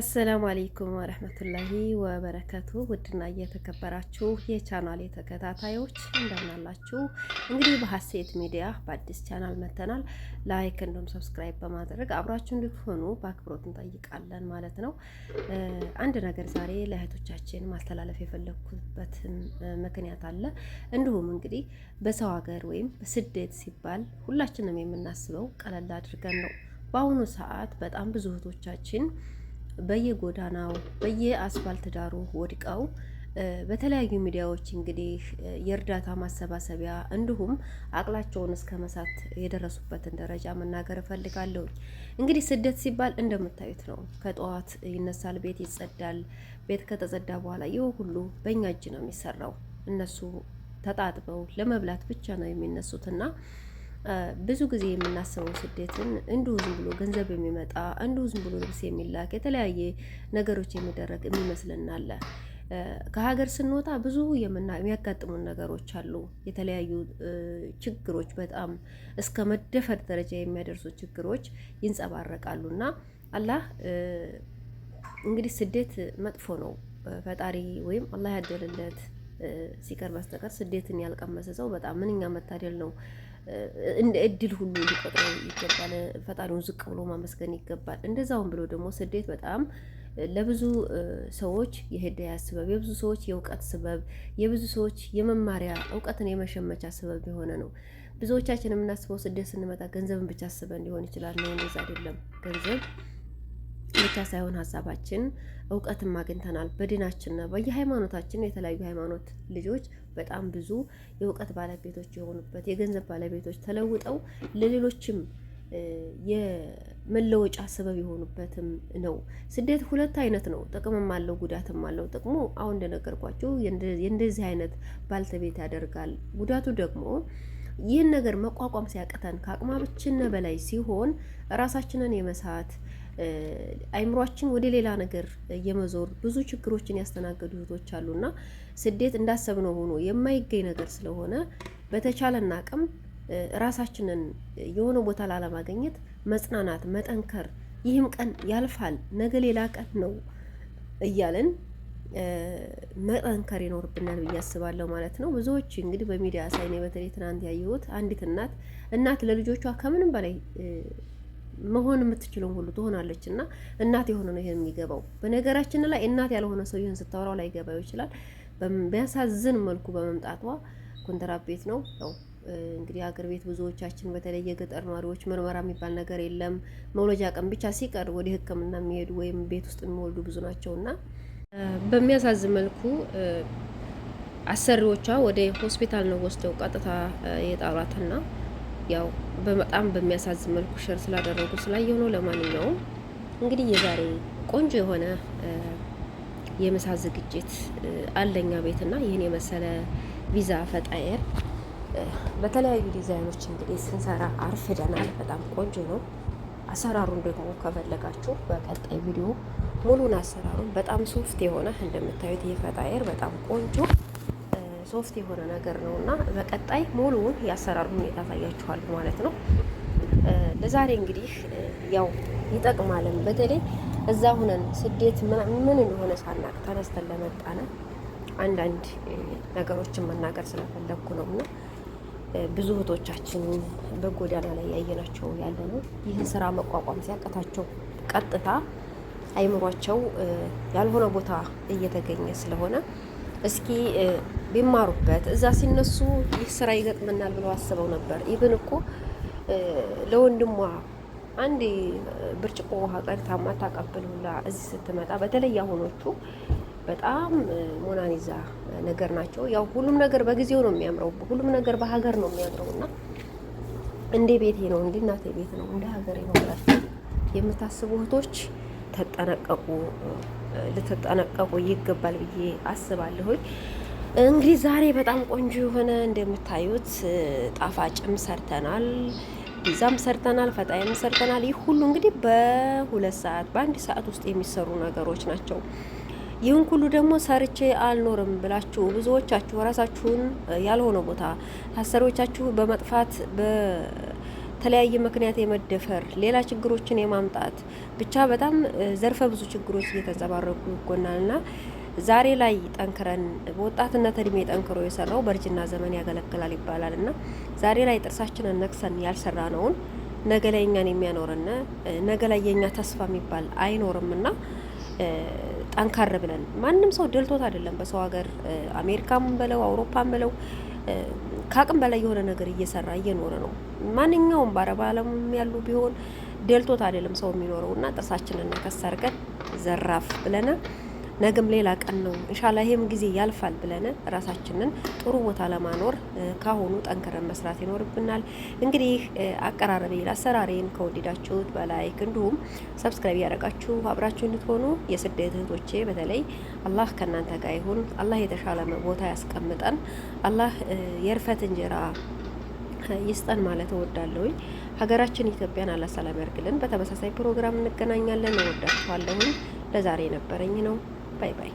አሰላሙ አሌይኩም ወረህመቱላሂ ወበረከቱ። ውድና እየተከበራችሁ የቻናል የተከታታዮች እንደምናላችሁ። እንግዲህ በሀሴት ሚዲያ በአዲስ ቻናል መተናል። ላይክ እንዲሁም ሰብስክራይብ በማድረግ አብራችሁ እንድትሆኑ በአክብሮት እንጠይቃለን ማለት ነው። አንድ ነገር ዛሬ ለእህቶቻችን ማስተላለፍ የፈለግኩበትን ምክንያት አለ። እንዲሁም እንግዲህ በሰው ሀገር ወይም በስደት ሲባል ሁላችንም የምናስበው ቀለል አድርገን ነው። በአሁኑ ሰዓት በጣም ብዙ እህቶቻችን በየጎዳናው በየአስፋልት ዳሩ ወድቀው በተለያዩ ሚዲያዎች እንግዲህ የእርዳታ ማሰባሰቢያ እንዲሁም አቅላቸውን እስከ መሳት የደረሱበትን ደረጃ መናገር እፈልጋለሁ። እንግዲህ ስደት ሲባል እንደምታዩት ነው። ከጠዋት ይነሳል፣ ቤት ይጸዳል። ቤት ከተጸዳ በኋላ ይህ ሁሉ በእኛ እጅ ነው የሚሰራው። እነሱ ተጣጥበው ለመብላት ብቻ ነው የሚነሱትና ብዙ ጊዜ የምናስበው ስደትን እንዲሁ ዝም ብሎ ገንዘብ የሚመጣ እንዲሁ ዝም ብሎ ልብስ የሚላክ የተለያየ ነገሮች የሚደረግ የሚመስልናለ። ከሀገር ስንወጣ ብዙ የሚያጋጥሙን ነገሮች አሉ። የተለያዩ ችግሮች በጣም እስከ መደፈር ደረጃ የሚያደርሱ ችግሮች ይንጸባረቃሉ እና አላህ እንግዲህ ስደት መጥፎ ነው። ፈጣሪ ወይም አላህ ያደልለት ሲቀር በስተቀር ስደትን ያልቀመሰ ሰው በጣም ምንኛ መታደል ነው። እንደ እድል ሁሉ ሊቆጥረው ይገባል። ፈጣሪውን ዝቅ ብሎ ማመስገን ይገባል። እንደዛውም ብሎ ደግሞ ስደት በጣም ለብዙ ሰዎች የህዳያ ስበብ፣ የብዙ ሰዎች የእውቀት ስበብ፣ የብዙ ሰዎች የመማሪያ እውቀትን የመሸመቻ ስበብ የሆነ ነው። ብዙዎቻችን የምናስበው ስደት ስንመጣ ገንዘብን ብቻ አስበን ሊሆን ይችላል። ነው እንደዛ አይደለም ገንዘብ ብቻ ሳይሆን ሀሳባችን እውቀትም አግኝተናል። በዲናችን ነው በየሃይማኖታችን የተለያዩ ሃይማኖት ልጆች በጣም ብዙ የእውቀት ባለቤቶች የሆኑበት የገንዘብ ባለቤቶች ተለውጠው ለሌሎችም የመለወጫ ሰበብ የሆኑበትም ነው። ስደት ሁለት አይነት ነው፣ ጥቅምም አለው ጉዳትም አለው። ጥቅሙ አሁን እንደነገርኳቸው የእንደዚህ አይነት ባልተቤት ያደርጋል። ጉዳቱ ደግሞ ይህን ነገር መቋቋም ሲያቅተን ከአቅማችንን በላይ ሲሆን ራሳችንን የመሳት አይምሯችን ወደ ሌላ ነገር የመዞር ብዙ ችግሮችን ያስተናገዱ እህቶች አሉና ስደት እንዳሰብነው ሆኖ የማይገኝ ነገር ስለሆነ በተቻለ አቅም ራሳችንን የሆነ ቦታ ላለማገኘት መጽናናት፣ መጠንከር ይህም ቀን ያልፋል፣ ነገ ሌላ ቀን ነው እያልን መጠንከር ይኖርብናል ብዬ አስባለሁ ማለት ነው። ብዙዎች እንግዲህ በሚዲያ ሳይኔ በተለይ ትናንት ያየሁት አንዲት እናት እናት ለልጆቿ ከምንም በላይ መሆን የምትችለውን ሁሉ ትሆናለች እና እናት የሆነ ነው ይሄ የሚገባው። በነገራችን ላይ እናት ያልሆነ ሰው ይህን ስታወራው ላይ ገባው ይችላል። በሚያሳዝን መልኩ በመምጣቷ ኮንትራት ቤት ነው ያው እንግዲህ ሀገር ቤት ብዙዎቻችን በተለይ የገጠር ነዋሪዎች ምርመራ የሚባል ነገር የለም። መውለጃ ቀን ብቻ ሲቀር ወደ ሕክምና የሚሄዱ ወይም ቤት ውስጥ የሚወልዱ ብዙ ናቸው እና በሚያሳዝን መልኩ አሰሪዎቿ ወደ ሆስፒታል ነው ወስደው ቀጥታ የጣሏትና ያው በጣም በሚያሳዝን መልኩ ሸር ስላደረጉ ስላየው ነው። ለማንኛውም እንግዲህ የዛሬ ቆንጆ የሆነ የምሳ ዝግጅት አለኛ ቤትና ይህን የመሰለ ቪዛ ፈጣየር በተለያዩ ዲዛይኖች እንግዲህ ስንሰራ አርፍደናል። በጣም ቆንጆ ነው። አሰራሩን ደግሞ ከፈለጋችሁ በቀጣይ ቪዲዮ ሙሉን አሰራሩን በጣም ሶፍት የሆነ እንደምታዩት ይህ ፈጣየር በጣም ቆንጆ ሶፍት የሆነ ነገር ነው እና በቀጣይ ሙሉውን ያሰራሩ ሁኔታ ታያችኋል ማለት ነው። ለዛሬ እንግዲህ ያው ይጠቅማለን። በተለይ እዛ ሁነን ስደት ምን እንደሆነ ሳናቅ ተነስተን ለመጣነ አንዳንድ ነገሮችን መናገር ስለፈለግኩ ነው እና ብዙ እህቶቻችን በጎዳና ላይ ያየናቸው ያለ ነው። ይህን ስራ መቋቋም ሲያቀታቸው ቀጥታ አይምሯቸው ያልሆነ ቦታ እየተገኘ ስለሆነ እስኪ ቢማሩበት እዛ ሲነሱ ይህ ስራ ይገጥመናል ብለው አስበው ነበር። ኢብን እኮ ለወንድሟ አንድ ብርጭቆ ውሃ ቀድታ ማታቀብል ሁላ እዚህ ስትመጣ፣ በተለይ አሁኖቹ በጣም ሞናሊዛ ነገር ናቸው። ያው ሁሉም ነገር በጊዜው ነው የሚያምረው፣ ሁሉም ነገር በሀገር ነው የሚያምረው እና እንደ ቤቴ ነው እንደ እናቴ ቤት ነው እንደ ሀገሬ ነው ብላችሁ የምታስቡ እህቶች ተጠነቀቁ። ልትጠነቀቁ ይገባል ብዬ አስባለሁኝ። እንግዲህ ዛሬ በጣም ቆንጆ የሆነ እንደምታዩት ጣፋጭም ሰርተናል፣ ፒዛም ሰርተናል፣ ፈጣይም ሰርተናል። ይህ ሁሉ እንግዲህ በሁለት ሰዓት በአንድ ሰዓት ውስጥ የሚሰሩ ነገሮች ናቸው። ይህን ሁሉ ደግሞ ሰርቼ አልኖርም ብላችሁ ብዙዎቻችሁ ራሳችሁን ያልሆነ ቦታ ታሰሪዎቻችሁ በመጥፋት በተለያየ ምክንያት የመደፈር ሌላ ችግሮችን የማምጣት ብቻ በጣም ዘርፈ ብዙ ችግሮች እየተንጸባረቁ ይጎናልና ዛሬ ላይ ጠንክረን በወጣትነት እድሜ ጠንክሮ የሰራው በእርጅና ዘመን ያገለግላል ይባላል እና ዛሬ ላይ ጥርሳችንን ነክሰን ያልሰራ ነውን ነገ ላይ እኛን የሚያኖርና ነገ ላይ የእኛ ተስፋ የሚባል አይኖርምና ጠንካር ብለን ማንም ሰው ድልቶት አይደለም። በሰው ሀገር አሜሪካም በለው አውሮፓም በለው ከአቅም በላይ የሆነ ነገር እየሰራ እየኖረ ነው። ማንኛውም በአረብ ዓለም ያሉ ቢሆን ደልቶት አይደለም ሰው የሚኖረው እና ጥርሳችንን ከሰርቀን ዘራፍ ብለናል። ነገም ሌላ ቀን ነው እንሻላ ይሄም ጊዜ ያልፋል ብለን ራሳችንን ጥሩ ቦታ ለማኖር ካሁኑ ጠንክረን መስራት ይኖርብናል። እንግዲህ አቀራረቤን አሰራሬን ከወደዳችሁት በላይክ እንዲሁም ሰብስክራይብ ያደረጋችሁ አብራችሁ እንድትሆኑ የስደት እህቶቼ በተለይ አላህ ከእናንተ ጋር ይሁን። አላህ የተሻለ ቦታ ያስቀምጠን። አላህ የእርፈት እንጀራ ይስጠን ማለት እወዳለሁኝ። ሀገራችን ኢትዮጵያን አላህ ሰላም ያርግልን። በተመሳሳይ ፕሮግራም እንገናኛለን። እወዳችኋለሁኝ። ለዛሬ የነበረኝ ነው። bye bye